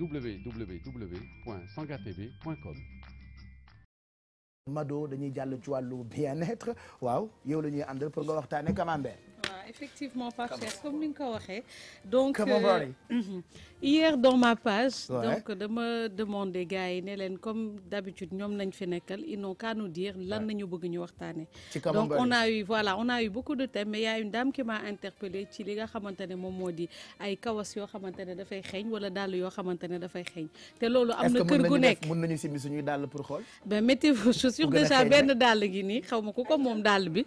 www.sangatv.com Mado dañuy jàll ci wàllu bien-être waaw yow la ñuy àndal pour nga waxtaane Camembert effectivement Pape Cheikh comme ni nga ko waxee. donc euh, hier dans ma page. donc dama demandé gars yi ne leen comme d'habitude ñoom nañ fi nekkal ils n'ont qu'à nous dire lan nañu bëgg ñu waxtaanee. donc on a eu voilà on a eu beaucoup de thèmes mais y a une dame qui m'a interpellé ci li nga xamante ne moom moo di ay kawas yoo xamante ne dafay xeeñ wala dàll yoo xamante ne dafay xeeñ te loolu am na kër gu nekk mën nañu simbi suñuy dàll pour xool. ben mettez vos chaussures déjà benn dàll gi nii xaw ma ku ko moom dàll bi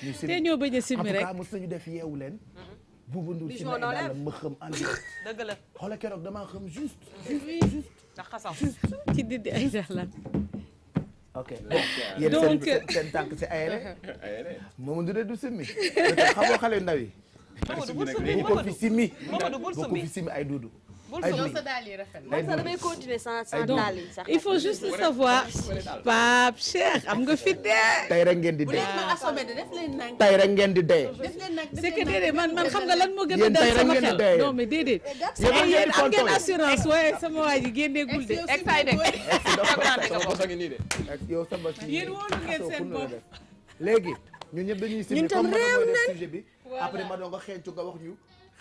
te ñoo bañ a simmi rek en tout cas mos nañu def yeewu leen. Mm-hmm. Bouba Ndour ci may daal ma xam en dëgg la xoolal keroog damaa xam juste. juste juste. ndax xasaw ci dindi ay daal ok donc yéen seen tànk si aéré. aéré moom du du simmi. xamoo xale ndaw yi. bu ko fi simmi bu ko fi simmi ay duudu. ay sa damay continuer sans sans daal yi sax. il faut juste savoir Pape Cheikh am nga fi dee. tey rek ngeen di dee. tey rek ngeen di dee. c'est que déedéet man man xam nga lan moo gën a dal sama xel non mais déedéet. Eh, yéen am ngeen assurance eh, waaye sama waa ji génneegul de. Eh, yow sama si yéen wóolu ngeen seen bopp léegi ñun bi après ma doon nga ñu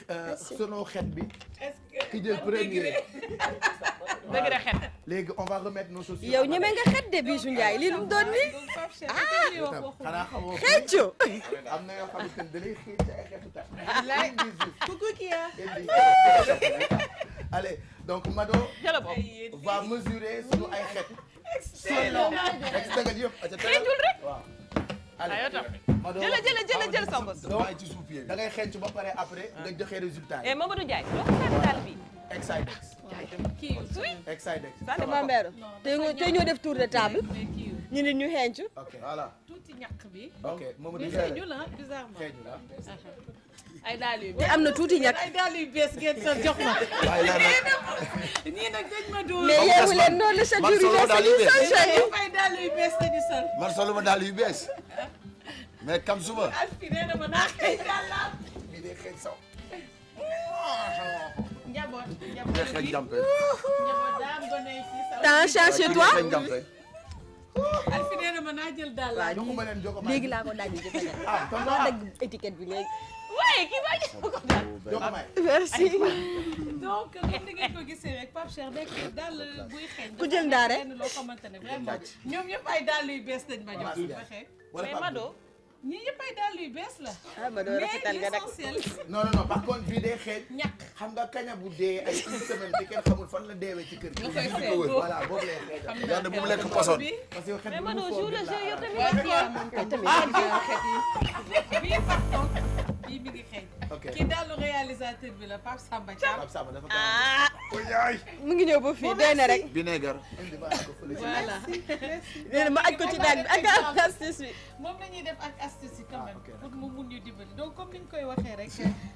euh, sonoo xet bi ki jël premier. dëgg la xet. léegi on va remettre nos chaussures. lu mu doon nii. ah, ah! xëccu. am na yoo xamante ne da lay xëy ci ay xeetu tax. coucou Kia. allez donc Mado. va mesurer sunu ay xet. excellent. excellent. xëccul rek. allez jël jël jël jël sa bos. da ngay xenc ba pare après nga joxe résultat yi. Eh, Mamadou Ndiaye loxo bi. Exidex. kii yu tuuti. Exidex. te ñoo def tour de table. ñu ne ñu xeeñcu. ok voilà tuuti ñàkk bi. ok moom du xeeñu la bizarrement xeeñu la. ay daal yu bees te am na tuuti ñàkk ay daal yu bees ngeen sa jox ma. waaye nag ñii nag dañ ma dóor. mais yeewu leen noonu la sa jur yu bees dañuy sol sa yu ay daal yu bees dañuy sol. man soluma daal yu bees mais kam suba. aspiré na ma naa xëy yàlla. bii day xëy saw. njaboot njaboot bi njaboot daa gone ci sa. temps chez toi. Alfi nee na ma naa jël daal laa léegi laa ko daaj jël ah kon naa dagg étiquette bi léegi. waaye kii baa jël ko daal. merci. donc ngeen di ngeen ko gisee rek Pape Cheikh nekk daal buy xeeñ. ku jël ndaare loo xamante ne vraiment ñoom ñëpp ay daal yu bees dañ ma jox. mais Mado. ñi yëpp ay dàll yu bees la. ah ma doon rafetal nga nag non non non par contre bii day xeeñ. ñàkk xam nga kaña bu dee ay une semaine te xamul fan la deewee ci kër gi. nga koy seet voilà boobu lay xeeñ. xam naa parce que xet bu mu foofu la mais ma doon jour le jeu yow tamit. waaw ah, waaw ok ki dellu réalisateur bi la Pape Samba Thiam. Pape Samba dafa mu ngi ñëw ba fii doy na rek. vinaigre. voilà. nee na ma aj ko ci daal bi ak astuce bi. moom la ñuy def ak astuce yi quand ah, même pour mu mun ñu dimbali donc comme ni ñu koy waxee rek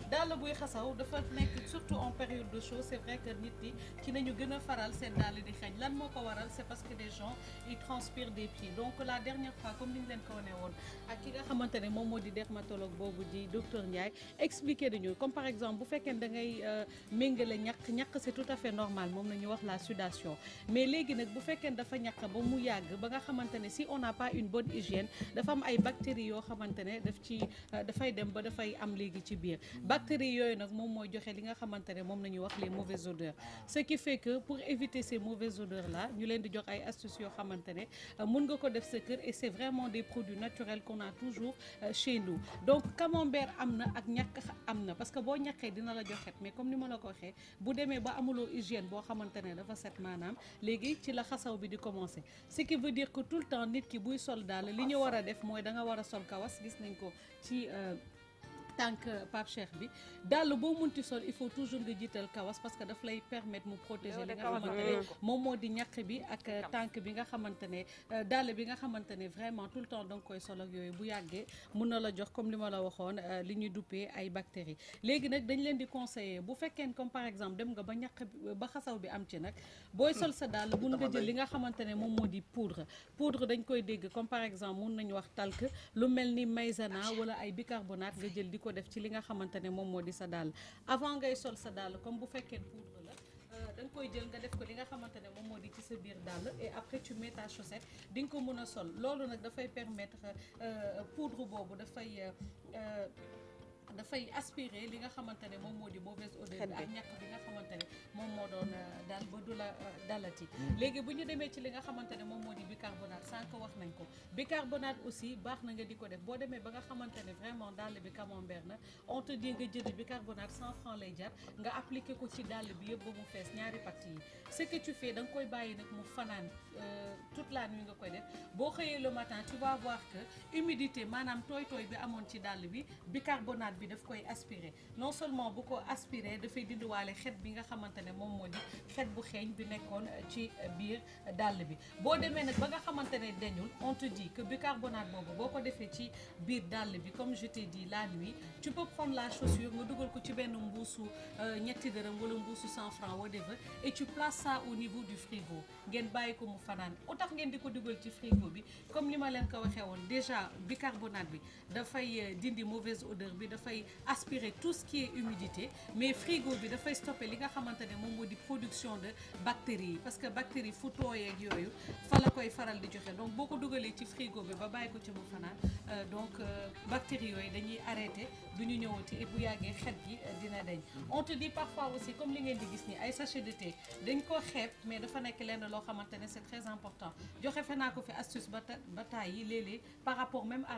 dàll buy xasaw dafa nekk surtout en période de chaud c'est vrai que nit ñi ci nañu gën a faral seen dàll di xeeñ lan moo ko waral c'est parce que les gens ils transpirent des pieds donc la dernière fois comme ni ñu leen ko wanee woon ak ki nga xamante ne moom moo di dermatologue boobu di docteur Ndiaye explique compliqué de ñuul comme par exemple bu fekkee ne da ngay euh, méngale ñàkk ñàkk c'est tout à fait normal moom la ñu wax la sudation mais léegi nag bu fekkee ne dafa ñàkk ba mu yàgg ba nga xamante ne si on n'a pas une bonne hygiène dafa am ay bactéries yoo xamante ne daf ci euh, dafay dem ba dafay am léegi ci biir bactéries yooyu nag moom mooy joxe li nga xamante ne moom la ñuy wax les mauvaises odeurs ce qui fait que pour éviter ces mauvaises odeurs là ñu leen di jox ay astuces yoo xamante ne euh, mun nga ko def sa kër vraiment des produits naturels qu'on a toujours chez am na parce que boo ñaqee dina la joxet mais comme ni ma la ko xee bu demee ba amuloo hygiène boo xamante ne dafa set maanaam léegi ci la xasaw bi di commencer ce qui veut dire que tout le temps nit ki buy sol daal li ñu war a def mooy danga war a sol kawas gis nañ ko ci euh, tànk Pape Cheikh bi dàll boo munti sol il faut toujours nga jiital kawas parce que daf lay permettre mu protéger li nga xamante moom moo di ñaq bi ak tànk bi nga xamante ne euh, dàll bi nga xamante ne vraiment tout le temps danga koy sol ak yooyu bu yàggee mun na la jox comme li ma la waxoon euh, li ñuy duppee ay bactéries léegi nag dañ leen di conseiller bu fekkee comme par exemple dem nga ba ñaq ba xasaw bi am ci nag booy sol sa dàll mun nga jël li nga xamante ne moom moo di poudre poudre dañ koy dégg comme exemple mun nañu wax talc lu mel ni maïzena ah, wala ay bicarbonate nga jël di ko def ci li nga xamante ne moom moo di sa dàll avant ngay sol sa dàll comme bu fekkee poudre la euh, da nga koy jël nga def ko li nga xamante ne moom moo di ci sa biir dàll et après tu mets chaussette di ko mën a sol loolu nag dafay permettre euh, poudre boobu dafay. Euh, dafay aspirer li nga xamante ne moom moo di mauvaise odeur bi ak ñàkk bi nga xamante ne moom moo doon euh, daal ba du la euh, dalati mm. léegi bu ñu demee ci li nga xamante ne moom moo di bicarbonate sànq wax nañ ko bicarbonate aussi baax na nga di ko def boo demee ba nga xamante ne vraiment dàll bi camembert na on te dit nga jënd bicarbonate cent lay jar nga appliqué ko ci dàll bi yëpp ba mu fees ñaari pàcc yi ce que tu fais da nga koy bàyyi nag mu fanaan euh, toute la nuit nga koy def boo xëyee le matin tu vas voir que maanaam tooy tooy bi amoon ci dàll bi bicarbonate garab bi daf koy aspiré non seulement bu ko aspiré dafay dindiwaale xet bi nga xamante ne moom moo di xet bu xeeñ bi nekkoon ci biir dàll bi boo demee nag ba nga xamante ne dañul on di dit que bicarbonate boobu boo ko defee ci biir dàll bi comme je t'ai dit la nuit tu peux prendre la chaussure nga dugal ko ci benn mbuusu euh, ñetti dërëm wala mbuusu 100 francs whatever et tu places ça au niveau du frigo ngeen bàyyi ko mu fanaan au tax ngeen di ko dugal ci frigo bi comme ni ma leen ko waxee woon déjà bicarbonate bi dafay euh, dindi mauvaise odeur bi dafay aspirer tout ce qui est humidité mais frigo bi dafay stopper li nga xamante ne moom moo di production de bactéries yi parce que bactéries fu tooyee ak yooyu fa la koy faral di joxe donc boo ko dugalee ci frigo bi ba bàyyi ko ci mu fanaan euh, donc euh, bactéries yooyu dañuy arrêter du ñu ñëwati et bu yàggee xet gi euh, dina dañ. on te dit aussi comme li ngeen di gis nii ay sachet de thé dañ ko xeeb mais dafa nekk lenn loo xamante ne c'est très important joxe fe ko fi astuce ba bataay yi léeg-léeg par rapport même à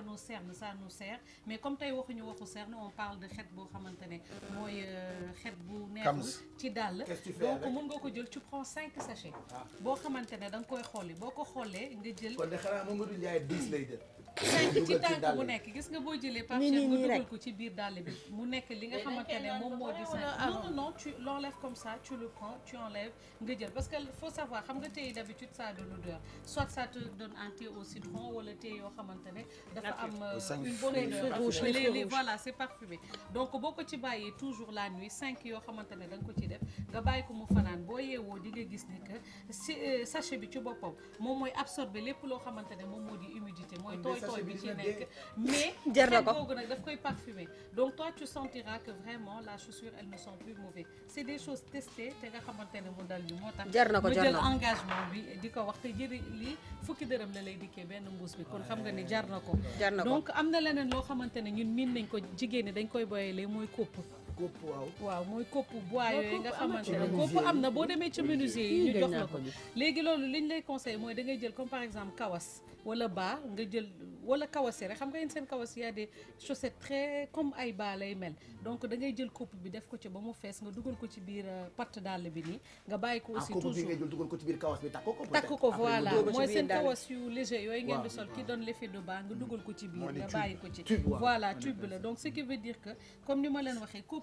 on parle de xet boo xamante ne mooy euh, xet bu neex ci dàll donc mun nga ko jël tu prends cinq sachets ah. boo xamante ne da nga koy xooli boo ko xoolee nga jël kon de xanaa Mamadou Ndiaye dix lay jël sànq ci tànk bu nekk gis nga boo jëlee Pape Cheikh nga dugal ko ci biir dàll bi mu nekk li nga xamante ne moom moo di sànq non non tu l'enlèves comme ça tu le prends tu enlèves nga jël parce que faut savoir xam nga tey d'habitude ça a de l'odeur soit ça te donne un thé au citron wala thé yoo xamante ne dafa am euh, une bonne odeur léeg-léeg voilà c'est parfumé donc boo ko ci bàyyee toujours la nuit cinq yoo xamante ne da nga ko ci def nga bàyyi ko mu fanaan boo yeewoo di nga gis ni que si euh, sachet bi ci boppam moom mooy absorber lépp loo xamante ne moom moo di humidité mooy tooy tooy bi ci nekk mais jar na ko boobu nag daf koy parfumer donc toi tu sentiras que vraiment la chaussure elle ne sent plus mauvais c'est des choses testées te nga xamante ne mu dal ñu moo tax jar na ko jar na ko mu jël engagement bi di ko wax te jëri lii fukki dërëm la lay dikkee benn mbuus bi kon xam nga ne jar na ko jar na ko donc am na leneen loo xamante ne ñun miin nañ ko jigéen ñi dañ koy boyelee mooy kopp kopp waaw. waaw mooy kopp bois yooyu nga xamante ne kopp am na boo demee ci yi ñu jox la ko léegi loolu liñ lay conseil mooy da ngay jël comme par exemple kawas wala baa nga jël wala kawas yi rek xam nga yéen seen kawas y a des chaussettes comme ay baa lay mel donc da jël kopp bi def ko ci ba mu fees nga dugal ko ci biir euh, bi nii nga ah, kawas bi takk ko takk ko voilà mooy seen kawas yu léger yooyu ngeen di sol ki donne l'effet de bas nga dugal ko ci biir nga bàyyi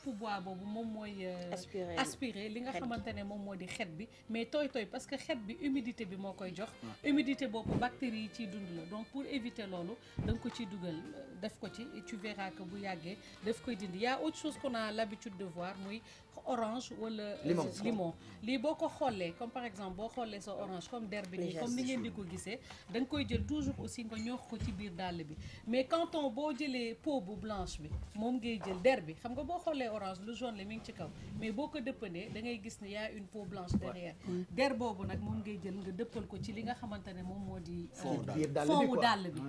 pouvoir boobu moom mooy. Euh, aspirer li nga xamante ne moom moo di xet bi mais tooy tooy parce que xet bi humidité bi moo koy jox. Mm. humidité boobu bactéries yi ciy dund la donc pour éviter loolu da ko ciy dugal euh, def ko ci tu verras que bu yàggee daf koy dindi yaa a autre chose qu'on a l'habitude de voir muy orange wala. Euh, limon limon lii boo ko xoolee comme par exemple boo xoolee sa orange comme der bi nii comme ni ngeen di ko gisee da koy jël toujours aussi nga ñoox ko ci biir dàll bi mais canton boo jëlee peau bu blanche bi moom ngay jël der bi xam nga boo xoolee orange lu jaune la mi ngi ci kaw mais boo ko dëppanee da ngay gis ne y a une peau blanche derrière der boobu nag moom ngay jël nga dëppal ko ci li nga xamante ne moom moo di fond wu euh, dàll bi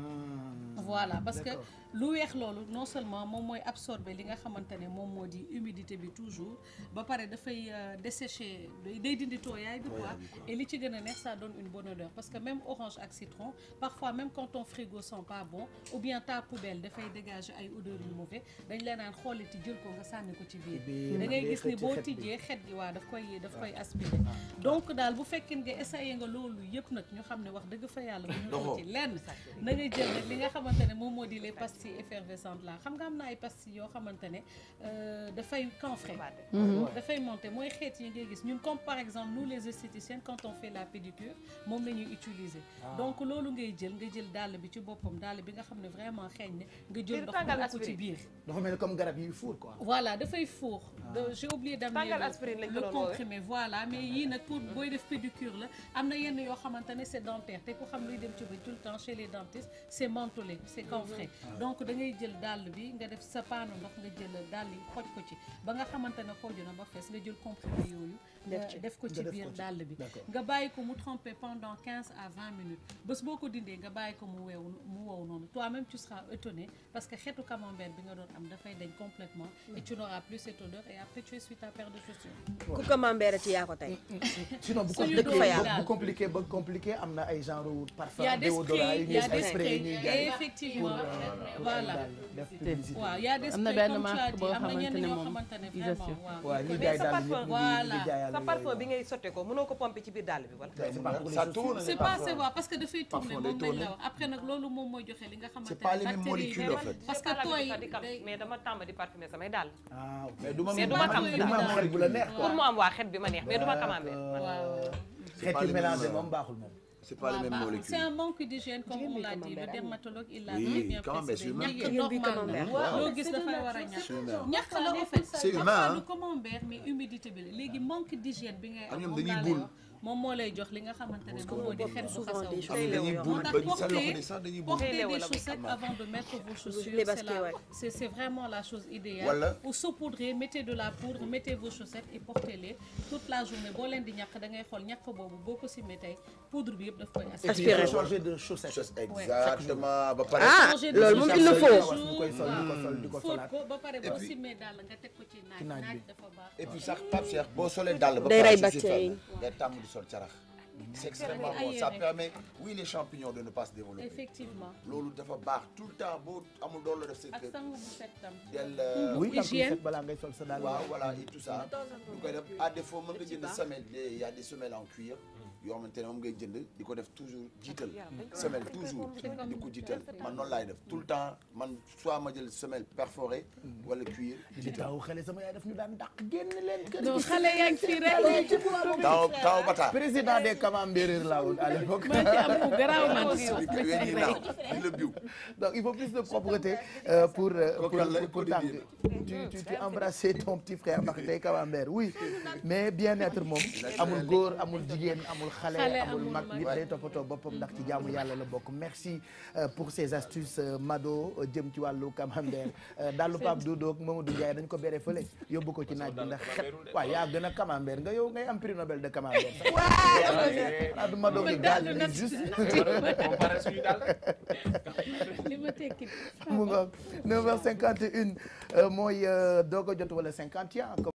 voilà parce que lu weex loolu non seulement moom mooy absorber li nga xamante ne moom moo di humidité bi toujours ba pare dafay euh, dessécher day dindi tooyaay bi quoi et li ci gën a neex ça donne une bonne odeur parce que même orange ak citron parfois même quand ton frigo sent pas bon ou bien ta poubelle dafay dégage ay odeur yu mauvais dañ la naan xooliti jël ko nga sànni ko ci biir da gis ni boo tijjee xet gi waaw daf koy daf koy aspirer ah. donc daal bu fekkee nga essayé nga yëpp nag ñu xam ne wax dëgg fa yàlla xamante ne moom moo di les pastilles effervescentes là xam nga am na ay pastilles yoo xamante euh, dafay cancré mm-hmm. dafay monter mooy xeet yi ngay gis ñun comme par exemple nous les esthéticiennes quand fait la pédicure moom la utiliser ah. donc loolu ngay jël nga jël dàll bi ci boppam dàll bi nga xam ne xeeñ ne nga jël ndox nga ko ci biir dafa mel comme garab yi fuur quoi ah. am na yenn yoo xamante ne dentaire te ku xam luy dem ci ba tout le temps chez les dentistes c'est frais c' est donc da jël dàll bi nga def sa paanu ndox nga jël dàll yi xoj ko ci ba nga xamante ne xooju na ba fees nga jël comprimé yooyu def ko ci biir dàll bi nga bàyyi ko mu tremper pendant quinze à vingt minutes bés boo ko dindee nga bàyyi ko mu weew mu wow noonu toi même tu seras étonné parce que xeetu camembert bi nga doon am dafay dañ complètement et tu plus cette et après tu es suite à paire de yaa ko tey mm, mm, mm. sinon bu compliqué ba compliqué am effectivement euh, voilà waaw y a des am na benn marque boo xamante ne moom waaw ñuy jaay dàll yëpp sa parfum bi ngay sotte ko mënoo ko pomper ci biir dàll bi wala c'est pas que dafay tourner moom lañ la wax après nag loolu moom mooy joxe li nga xamante ne bactéries yi parce que tooy dama tàmm di parfumer samay dàll ah mais duma am xet bu la neex pour mu am waa xet bi ma neex mais duma kamambe xet c'est pas les mêmes molécules. c'est un manque d'hygiène comme on l'a dit le dermatologue il l'a très bien précisé ñàkk normal la loo gis dafay war a ñàkk ñàkk la en fait c'est humain du camembert mais humidité bi la léegi ah. manque d'hygiène bi ngay ah, am ñoom dañuy moom moo lay jox li nga xamante ne moom moo di xet bu xasaw moo tax portez portez des chaussettes avant de mettre vos chaussures c'est vraiment la chose idéale ou saupoudrez mettez de la poudre mettez vos chaussettes et portez-les toute la journée boo leen di ñàkk xool ñàkk boobu boo ko tey poudre bi yëpp daf koy aspirer changer de chaussettes exactement ba pare ah loolu moom nga teg ko ci naaj naaj et puis sax Pape ba pare di sol carax ah, c'est extrêmement bon ça permet oui les champignons de ne pas se développer effectivement loolu dafa baax tout le temps boo amul doon la def sa kër del euh, hygiène balaa ngay sol sa daal waaw voilà et tout ça lu koy def à défaut mën nga jënd semelle il y a des semelles en cuir yoo xamante ne moom ngay jënd di ko def toujours jiital ah, semelle toujours di ko jiital man noonu laay def tout le temps man soit ma jël semelle perforée mm-hmm. wala cuir jiital taw xale sama yaay daf ñu daan dàq génn leen kër donc xale yaa ngi fii rek taw taw bata président des camembert laa woon à l'époque man ci am bu garaaw man wéñi naaw di la biw donc il faut plus de propreté euh, euh, pour pour tàng tu mm, tu tu embrasser ton petit frère ndax tey camembert oui mais bien être moom amul góor amul jigéen amul amul xale amul mag nit day toppatoo boppam ndax ci jaamu yàlla la bokk merci euh, pour ces astuces euh, Mado euh, jëm ci wàllu camembert dalu Pape Dodo ak Mamadou Ndiaye dañ ko béré fële yóbbu ko ci naaj bi a xet waaw yaa gën a camembert nga yow ngay am prix Nobel de camembert waaw du Mado bi daal li juste mooy doog a jot wala 50 ans